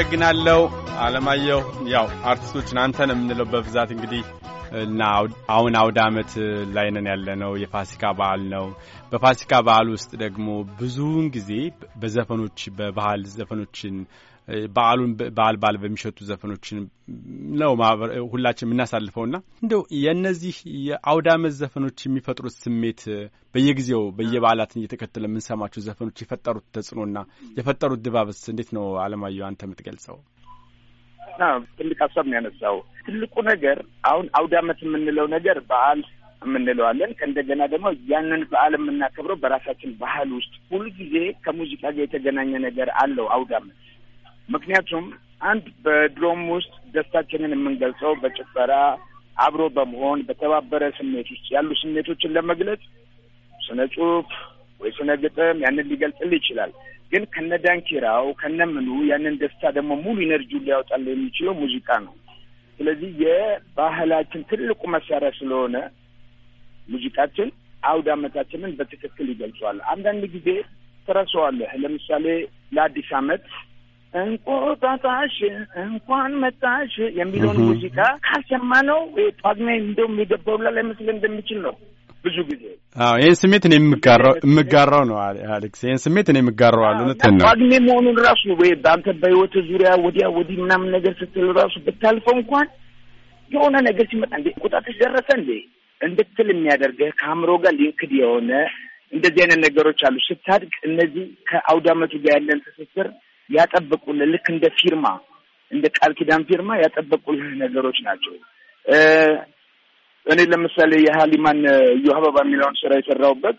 አመሰግናለሁ አለማየሁ። ያው አርቲስቶችን አንተን የምንለው በብዛት እንግዲህ እና አሁን አውደ ዓመት ላይ ነን ያለነው። የፋሲካ በዓል ነው። በፋሲካ በዓል ውስጥ ደግሞ ብዙውን ጊዜ በዘፈኖች በባህል ዘፈኖችን በዓሉን በዓል በዓል በሚሸጡ ዘፈኖችን ነው ሁላችን የምናሳልፈውና እንደው የእነዚህ የአውደ ዓመት ዘፈኖች የሚፈጥሩት ስሜት በየጊዜው በየበዓላትን እየተከተለ የምንሰማቸው ዘፈኖች የፈጠሩት ተጽዕኖና የፈጠሩት ድባብስ እንዴት ነው አለማየሁ አንተ የምትገልጸው? ትልቅ ሀሳብ ነው ያነሳው። ትልቁ ነገር አሁን አውዳመት የምንለው ነገር በዓል የምንለዋለን ከእንደገና ደግሞ ያንን በዓል የምናከብረው በራሳችን ባህል ውስጥ ሁልጊዜ ከሙዚቃ ጋር የተገናኘ ነገር አለው አውዳመት። ምክንያቱም አንድ በድሮም ውስጥ ደስታችንን የምንገልጸው በጭፈራ አብሮ በመሆን በተባበረ ስሜት ውስጥ ያሉ ስሜቶችን ለመግለጽ ስነ ጽሁፍ ወይ ስነ ግጥም ያንን ሊገልጽል ይችላል። ግን ከነ ዳንኪራው ከነ ምኑ ያንን ደስታ ደግሞ ሙሉ ኢነርጂውን ሊያወጣል የሚችለው ሙዚቃ ነው። ስለዚህ የባህላችን ትልቁ መሳሪያ ስለሆነ ሙዚቃችን አውድ አመታችንን በትክክል ይገልጸዋል። አንዳንድ ጊዜ ትረሳዋለህ። ለምሳሌ ለአዲስ አመት እንቁጣጣሽ እንኳን መጣሽ የሚለውን ሙዚቃ ካልሰማ ነው ጳጉሜ እንደውም የገባውላ ላይመስል እንደሚችል ነው ብዙ ጊዜ አዎ፣ ይህን ስሜት እኔ የምጋራው የምጋራው ነው አሌክስ፣ ይህን ስሜት እኔ የምጋራው አሉ እውነትህን ነው። ጳጉሜ መሆኑን ራሱ ወይ በአንተ በህይወት ዙሪያ ወዲያ ወዲህ ምናምን ነገር ስትል ራሱ ብታልፈው እንኳን የሆነ ነገር ሲመጣ እንዴ ቁጣትሽ ደረሰ እንዴ እንድትል የሚያደርግህ ከአእምሮ ጋር ሊንክድ የሆነ እንደዚህ አይነት ነገሮች አሉ። ስታድቅ እነዚህ ከአውደ ዓመቱ ጋር ያለን ትስስር ያጠበቁልህ ልክ እንደ ፊርማ እንደ ቃል ኪዳን ፊርማ ያጠበቁልህ ነገሮች ናቸው። እኔ ለምሳሌ የሀሊማን እዩ አበባ የሚለውን ስራ የሰራሁበት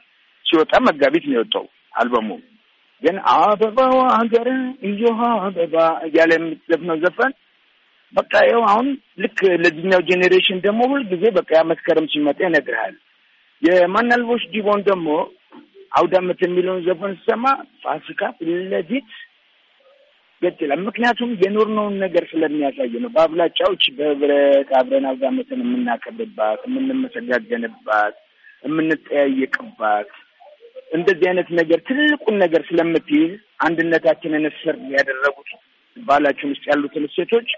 ሲወጣ መጋቢት ነው የወጣው አልበሙ። ግን አበባዋ ሀገር እዩ አበባ እያለ የምትዘፍነው ዘፈን በቃ ይኸው አሁን ልክ ለዚህኛው ጄኔሬሽን ደግሞ ሁልጊዜ በቃ ያ መስከረም ሲመጣ ይነግርሃል። የማናልቦች ዲቦን ደግሞ አውዳመት የሚለውን ዘፈን ስሰማ ፋሲካ ፊት ለፊት ገጽ ይላል። ምክንያቱም የኖርነውን ነገር ስለሚያሳይ ነው። በአብላጫዎች በህብረት አብረን አብዛመትን የምናከብባት የምንመሰጋገንባት፣ የምንጠያየቅባት እንደዚህ አይነት ነገር ትልቁን ነገር ስለምትይዝ አንድነታችንን እስር ያደረጉት ባህላችን ውስጥ ያሉትን እሴቶች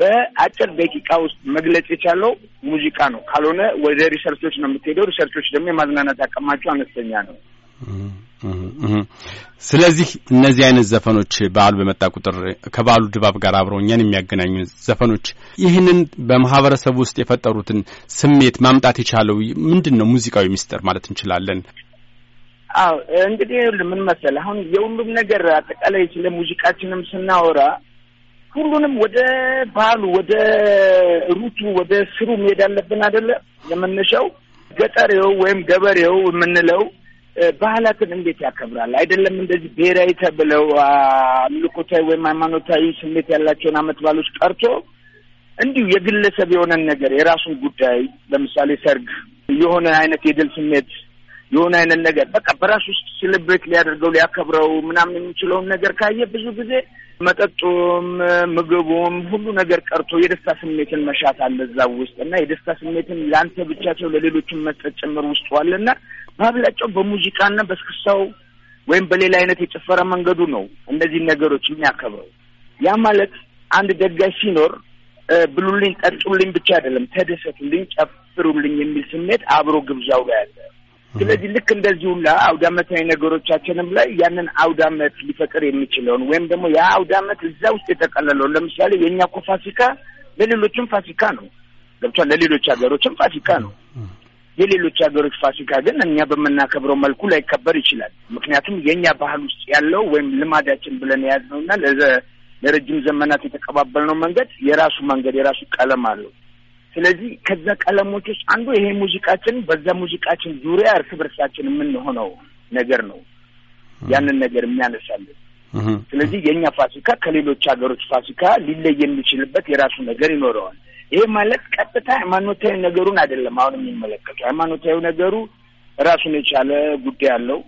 በአጭር ደቂቃ ውስጥ መግለጽ የቻለው ሙዚቃ ነው። ካልሆነ ወደ ሪሰርቾች ነው የምትሄደው። ሪሰርቾች ደግሞ የማዝናናት አቅማቸው አነስተኛ ነው። ስለዚህ እነዚህ አይነት ዘፈኖች በዓሉ በመጣ ቁጥር ከበዓሉ ድባብ ጋር አብረው እኛን የሚያገናኙ ዘፈኖች ይህንን በማህበረሰብ ውስጥ የፈጠሩትን ስሜት ማምጣት የቻለው ምንድን ነው? ሙዚቃዊ ሚስጥር ማለት እንችላለን። አዎ እንግዲህ ምን መሰለህ አሁን የሁሉም ነገር አጠቃላይ ስለ ሙዚቃችንም ስናወራ ሁሉንም ወደ ባህሉ ወደ ሩቱ ወደ ስሩ መሄድ አለብን አይደለ? የመነሻው ገጠሬው ወይም ገበሬው የምንለው ባህላትን እንዴት ያከብራል? አይደለም እንደዚህ ብሔራዊ ተብለው አምልኮታዊ ወይም ሃይማኖታዊ ስሜት ያላቸውን አመት ባሎች ቀርቶ እንዲሁ የግለሰብ የሆነን ነገር የራሱን ጉዳይ ለምሳሌ ሰርግ፣ የሆነ አይነት የድል ስሜት የሆነ አይነት ነገር በቃ በራሱ ውስጥ ሴሌብሬት ሊያደርገው ሊያከብረው ምናምን የሚችለውን ነገር ካየ ብዙ ጊዜ መጠጡም ምግቡም ሁሉ ነገር ቀርቶ የደስታ ስሜትን መሻት አለ እዛ ውስጥ እና የደስታ ስሜትን ለአንተ ብቻቸው ለሌሎችም መስጠት ጭምር ውስጥ ዋለና በአብላጫው በሙዚቃና በስክሳው ወይም በሌላ አይነት የጨፈረ መንገዱ ነው እነዚህን ነገሮች የሚያከብረው። ያ ማለት አንድ ደጋሽ ሲኖር ብሉልኝ፣ ጠጡልኝ ብቻ አይደለም ተደሰቱልኝ፣ ጨፍሩልኝ የሚል ስሜት አብሮ ግብዣው ጋር ያለ። ስለዚህ ልክ እንደዚህ ሁላ አውዳመታዊ ነገሮቻችንም ላይ ያንን አውዳመት ሊፈጥር የሚችለውን ወይም ደግሞ ያ አውዳመት እዛ ውስጥ የተቀለለውን ለምሳሌ የእኛ እኮ ፋሲካ ለሌሎችም ፋሲካ ነው ገብቷል። ለሌሎች ሀገሮችም ፋሲካ ነው። የሌሎች ሀገሮች ፋሲካ ግን እኛ በምናከብረው መልኩ ላይከበር ይችላል። ምክንያቱም የእኛ ባህል ውስጥ ያለው ወይም ልማዳችን ብለን የያዝነውና ለረጅም ዘመናት የተቀባበልነው መንገድ የራሱ መንገድ የራሱ ቀለም አለው። ስለዚህ ከዛ ቀለሞች ውስጥ አንዱ ይሄ ሙዚቃችን፣ በዛ ሙዚቃችን ዙሪያ እርስ በርሳችን የምንሆነው ነገር ነው ያንን ነገር የሚያነሳልን። ስለዚህ የእኛ ፋሲካ ከሌሎች ሀገሮች ፋሲካ ሊለይ የሚችልበት የራሱ ነገር ይኖረዋል። ይህ ማለት ቀጥታ ሃይማኖታዊ ነገሩን አይደለም። አሁን የሚመለከቱ ሃይማኖታዊ ነገሩ ራሱን የቻለ ጉዳይ አለው።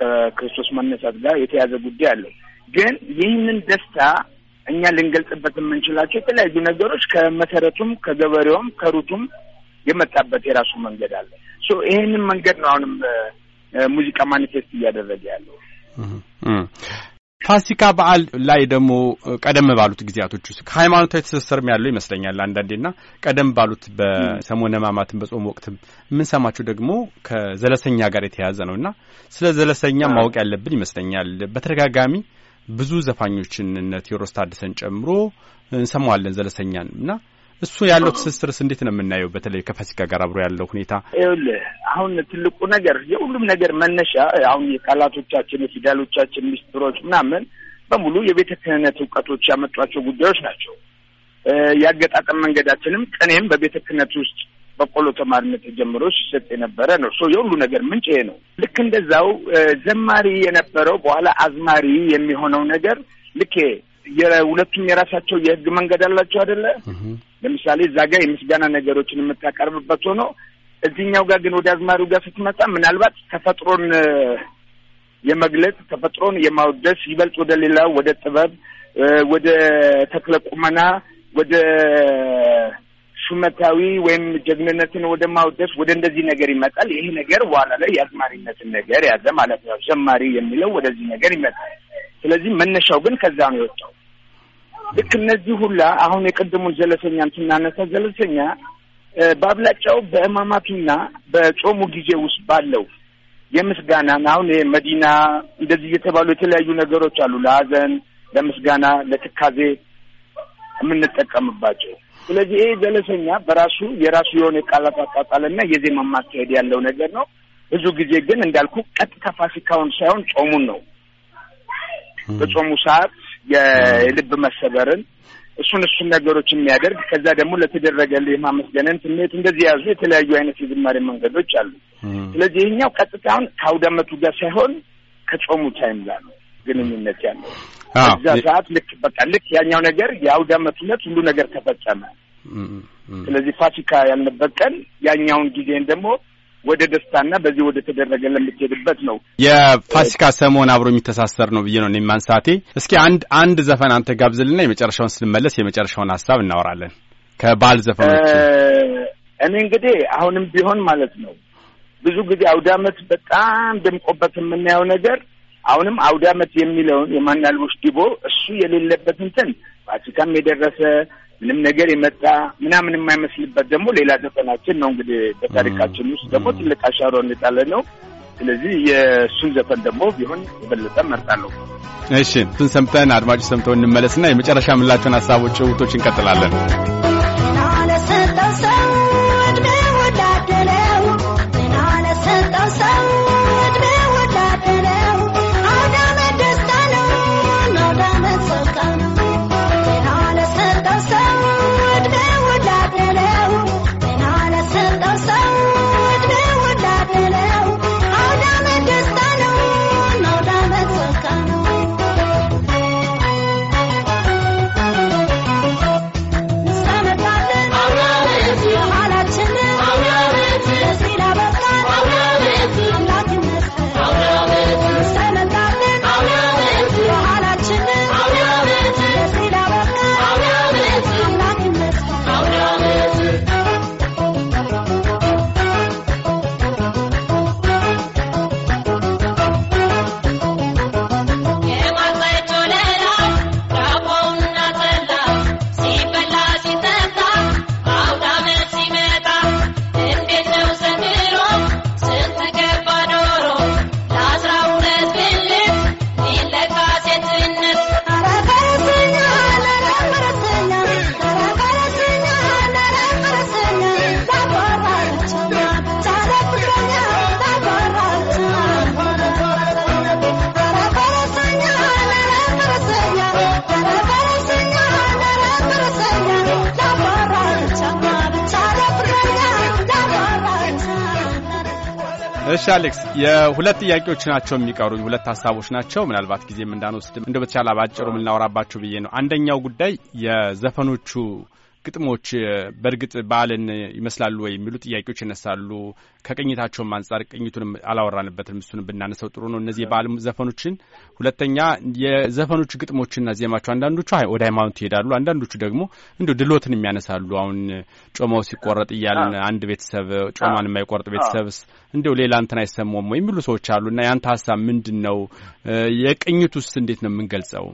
ከክርስቶስ መነሳት ጋር የተያዘ ጉዳይ አለው። ግን ይህንን ደስታ እኛ ልንገልጽበት የምንችላቸው የተለያዩ ነገሮች ከመሰረቱም ከገበሬውም ከሩቱም የመጣበት የራሱ መንገድ አለ። ይህንን መንገድ ነው አሁንም ሙዚቃ ማኒፌስት እያደረገ ያለው። ፋሲካ በዓል ላይ ደግሞ ቀደም ባሉት ጊዜያቶች ውስጥ ከሃይማኖታዊ ትስስርም ያለው ይመስለኛል። አንዳንዴና ቀደም ባሉት በሰሞነ ሕማማትም በጾም ወቅትም የምንሰማችሁ ደግሞ ከዘለሰኛ ጋር የተያያዘ ነው እና ስለ ዘለሰኛ ማወቅ ያለብን ይመስለኛል። በተደጋጋሚ ብዙ ዘፋኞችን እነ ቴዎድሮስ ታደሰን ጨምሮ እንሰማዋለን ዘለሰኛን እና እሱ ያለው ትስስርስ እንዴት ነው የምናየው? በተለይ ከፋሲካ ጋር አብሮ ያለው ሁኔታ ይኸውልህ፣ አሁን ትልቁ ነገር የሁሉም ነገር መነሻ አሁን የቃላቶቻችን የፊደሎቻችን ሚስጥሮች ምናምን በሙሉ የቤተ ክህነት እውቀቶች ያመጧቸው ጉዳዮች ናቸው። ያገጣጠም መንገዳችንም ቅኔም በቤተ ክህነት ውስጥ በቆሎ ተማሪነት ጀምሮ ሲሰጥ የነበረ ነው። ሶ የሁሉ ነገር ምንጭ ይሄ ነው። ልክ እንደዛው ዘማሪ የነበረው በኋላ አዝማሪ የሚሆነው ነገር ልክ የሁለቱም የራሳቸው የህግ መንገድ አላቸው አይደለ? ለምሳሌ እዛ ጋር የምስጋና ነገሮችን የምታቀርብበት ሆኖ እዚህኛው ጋር ግን ወደ አዝማሪው ጋር ስትመጣ ምናልባት ተፈጥሮን የመግለጽ ተፈጥሮን የማወደስ ይበልጥ ወደ ሌላው ወደ ጥበብ፣ ወደ ተክለ ቁመና፣ ወደ ሹመታዊ ወይም ጀግንነትን ወደ ማወደስ ወደ እንደዚህ ነገር ይመጣል። ይሄ ነገር በኋላ ላይ የአዝማሪነትን ነገር ያዘ ማለት ነው። ዘማሪ የሚለው ወደዚህ ነገር ይመጣል። ስለዚህ መነሻው ግን ከዛ ነው የወጣው። ልክ እነዚህ ሁላ አሁን የቀደሙን ዘለሰኛን ስናነሳ ዘለሰኛ በአብላጫው በእማማቱና በጾሙ ጊዜ ውስጥ ባለው የምስጋና አሁን መዲና እንደዚህ እየተባሉ የተለያዩ ነገሮች አሉ ለሀዘን፣ ለምስጋና፣ ለትካዜ የምንጠቀምባቸው። ስለዚህ ይሄ ዘለሰኛ በራሱ የራሱ የሆነ የቃላት አጣጣልና የዜማ ማካሄድ ያለው ነገር ነው። ብዙ ጊዜ ግን እንዳልኩ ቀጥታ ፋሲካውን ሳይሆን ጾሙን ነው በጾሙ ሰዓት የልብ መሰበርን እሱን እሱን ነገሮች የሚያደርግ ከዛ ደግሞ ለተደረገልህ የማመስገንን ስሜት እንደዚህ የያዙ የተለያዩ አይነት የዝማሬ መንገዶች አሉ። ስለዚህ ይህኛው ቀጥታውን ከአውዳመቱ ጋር ሳይሆን ከጾሙ ታይም ጋር ነው ግንኙነት ያለው። እዛ ሰዓት ልክ በቃ ልክ ያኛው ነገር የአውደመቱነት ሁሉ ነገር ተፈጸመ። ስለዚህ ፋሲካ ያልንበት ቀን ያኛውን ጊዜን ደግሞ ወደ ደስታና በዚህ ወደ ተደረገ ለምትሄድበት ነው። የፋሲካ ሰሞን አብሮ የሚተሳሰር ነው ብዬ ነው እኔ ማንሳቴ። እስኪ አንድ አንድ ዘፈን አንተ ጋብዝልና የመጨረሻውን ስንመለስ የመጨረሻውን ሀሳብ እናወራለን። ከባል ዘፈኖች እኔ እንግዲህ አሁንም ቢሆን ማለት ነው ብዙ ጊዜ አውደ ዓመት በጣም ደምቆበት የምናየው ነገር አሁንም አውደ ዓመት የሚለውን የማናልቦች ዲቦ እሱ የሌለበት እንትን ፋሲካም የደረሰ ምንም ነገር የመጣ ምናምን የማይመስልበት ደግሞ ሌላ ዘፈናችን ነው። እንግዲህ በታሪካችን ውስጥ ደግሞ ትልቅ አሻሮ እንጣለ ነው። ስለዚህ የእሱን ዘፈን ደግሞ ቢሆን የበለጠ መርጣለሁ። እሺ፣ እሱን ሰምተን አድማጭ ሰምተው እንመለስና የመጨረሻ ምላቸውን ሀሳቦች ውቶች እንቀጥላለን። እሺ አሌክስ፣ የሁለት ጥያቄዎች ናቸው የሚቀሩ ሁለት ሀሳቦች ናቸው። ምናልባት ጊዜም እንዳንወስድም እንደ በተቻለ ባጭሩ የምናወራባቸው ብዬ ነው። አንደኛው ጉዳይ የዘፈኖቹ ግጥሞች በእርግጥ በዓልን ይመስላሉ ወይ የሚሉ ጥያቄዎች ይነሳሉ። ከቅኝታቸውም አንጻር ቅኝቱንም አላወራንበትም፣ እሱን ብናነሰው ጥሩ ነው። እነዚህ የበዓል ዘፈኖችን ሁለተኛ የዘፈኖች ግጥሞችና ዜማቸው አንዳንዶቹ ወደ ሃይማኖት ይሄዳሉ፣ አንዳንዶቹ ደግሞ እንዲ ድሎትን የሚያነሳሉ። አሁን ጮማው ሲቆረጥ እያልን አንድ ቤተሰብ ጮማን የማይቆርጥ ቤተሰብስ እንዲሁ ሌላ እንትን አይሰማም ወይ የሚሉ ሰዎች አሉ። እና ያንተ ሀሳብ ምንድን ነው? የቅኝቱስ እንዴት ነው የምንገልጸው?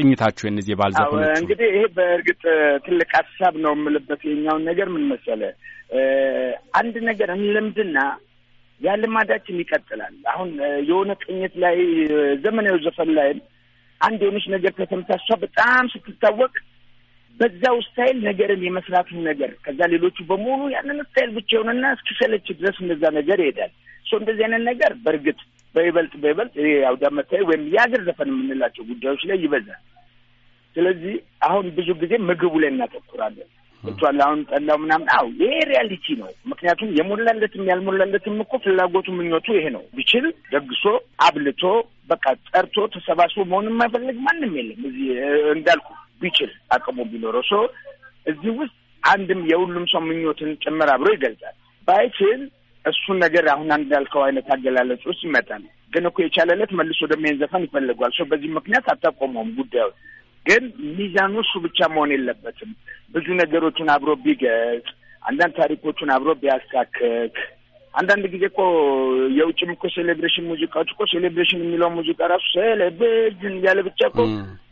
ቅኝታችሁ የእነዚህ የባልዛፎች እንግዲህ ይሄ በእርግጥ ትልቅ ሀሳብ ነው የምልበት የኛውን ነገር ምን መሰለ አንድ ነገር እንለምድና ልማዳችን ይቀጥላል። አሁን የሆነ ቅኝት ላይ ዘመናዊ ዘፈን ላይም አንድ የሆነች ነገር ከተምታሷ በጣም ስትታወቅ በዛው ስታይል ነገርን የመስራቱን ነገር ከዛ ሌሎቹ በሙሉ ያንን ስታይል ብቻ የሆነና እስኪሰለች ድረስ እንደዛ ነገር ይሄዳል። ሶ እንደዚህ አይነት ነገር በእርግጥ በይበልጥ በይበልጥ ይሄ አውዳመታዊ ወይም የሀገር ዘፈን የምንላቸው ጉዳዮች ላይ ይበዛል። ስለዚህ አሁን ብዙ ጊዜ ምግቡ ላይ እናተኩራለን። እቷን አሁን ጠላው ምናምን፣ አው ይሄ ሪያሊቲ ነው። ምክንያቱም የሞላለትም ያልሞላለትም እኮ ፍላጎቱ ምኞቱ ይሄ ነው። ቢችል ደግሶ አብልቶ በቃ ጠርቶ ተሰባስቦ መሆን የማይፈልግ ማንም የለም። እዚህ እንዳልኩ ቢችል አቅሙ ቢኖረው ሰው እዚህ ውስጥ አንድም የሁሉም ሰው ምኞትን ጭምር አብሮ ይገልጻል። ባይችል እሱን ነገር አሁን አንድ ያልከው አይነት አገላለጽ ውስጥ ይመጣል። ግን እኮ የቻለለት መልሶ ደግሞ ዘፈን ይፈልጓል። ሰው በዚህ ምክንያት አታቆመውም ጉዳዩ ግን ሚዛኑ እሱ ብቻ መሆን የለበትም። ብዙ ነገሮችን አብሮ ቢገልጽ፣ አንዳንድ ታሪኮቹን አብሮ ቢያስታክክ። አንዳንድ ጊዜ እኮ የውጭም እኮ ሴሌብሬሽን ሙዚቃዎች እኮ ሴሌብሬሽን የሚለው ሙዚቃ ራሱ ሴሌብሬሽን እያለ ብቻ እኮ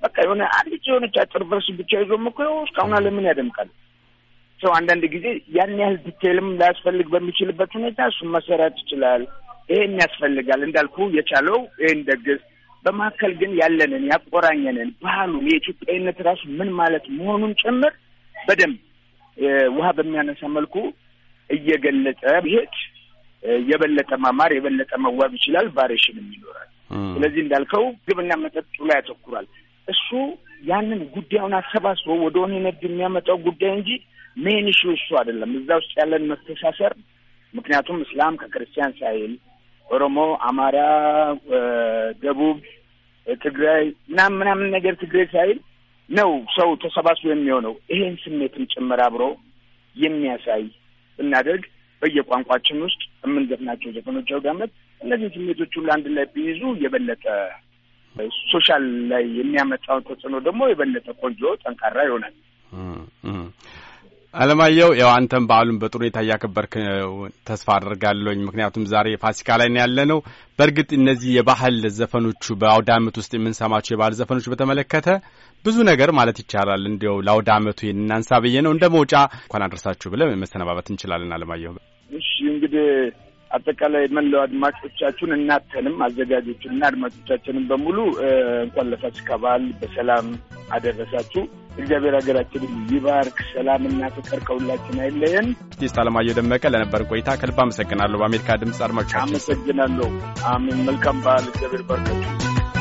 በቃ የሆነ አንድ የሆነች አጭር ቨርስ ብቻ ይዞም እኮ እስካሁን ለምን ያደምቃል? ሰው አንዳንድ ጊዜ ያን ያህል ዲቴልም ላያስፈልግ በሚችልበት ሁኔታ እሱን መሰራት ይችላል። ይሄን ያስፈልጋል እንዳልኩ የቻለው ይህን ደግስ። በመካከል ግን ያለንን ያቆራኘንን ባህሉን የኢትዮጵያዊነት ራሱ ምን ማለት መሆኑን ጭምር በደንብ ውሃ በሚያነሳ መልኩ እየገለጠ ብሄድ የበለጠ ማማር የበለጠ መዋብ ይችላል፣ ቫሪዬሽንም ይኖራል። ስለዚህ እንዳልከው ግብና መጠጡ ላይ ያተኩራል። እሱ ያንን ጉዳዩን አሰባስቦ ወደ ሆነ የሚያመጣው ጉዳይ እንጂ ሜን ኢሹ እሱ አይደለም። እዛ ውስጥ ያለን መተሳሰር፣ ምክንያቱም እስላም ከክርስቲያን ሳይል ኦሮሞ፣ አማራ፣ ደቡብ፣ ትግራይ ምናምን ምናምን ነገር ትግራይ ሳይል ነው ሰው ተሰባስቦ የሚሆነው። ይሄን ስሜትም ጭምር አብሮ የሚያሳይ ብናደርግ በየቋንቋችን ውስጥ የምንገፍናቸው ዘፈኖች አውዳመት እነዚህ ስሜቶች ሁሉ አንድ ላይ ቢይዙ የበለጠ ሶሻል ላይ የሚያመጣውን ተጽዕኖ ደግሞ የበለጠ ቆንጆ ጠንካራ ይሆናል። አለማየሁ ያው አንተም በዓሉን በጥሩ ሁኔታ እያከበርክ ተስፋ አድርጋለኝ። ምክንያቱም ዛሬ ፋሲካ ላይ ነው ያለ ነው። በእርግጥ እነዚህ የባህል ዘፈኖቹ በአውደ አመት ውስጥ የምንሰማቸው የባህል ዘፈኖች በተመለከተ ብዙ ነገር ማለት ይቻላል። እንዲያው ለአውደ ዓመቱ እናንሳ ብዬ ነው እንደ መውጫ እንኳን አደረሳችሁ ብለን መሰነባበት እንችላለን። አለማየሁ እሺ እንግዲህ አጠቃላይ መለው አድማጮቻችሁን እናተንም አዘጋጆችን እና አድማጮቻችንን በሙሉ እንኳን ለፋሲካ በዓል በሰላም አደረሳችሁ። እግዚአብሔር ሀገራችንን ይባርክ። ሰላምና ፍቅር ከሁላችን አይለየን። ቲስት አለማየሁ ደመቀ ለነበር ቆይታ ከልብ አመሰግናለሁ። በአሜሪካ ድምፅ አድማጮች አመሰግናለሁ። አሜን። መልካም በዓል። እግዚአብሔር ባርካችሁ።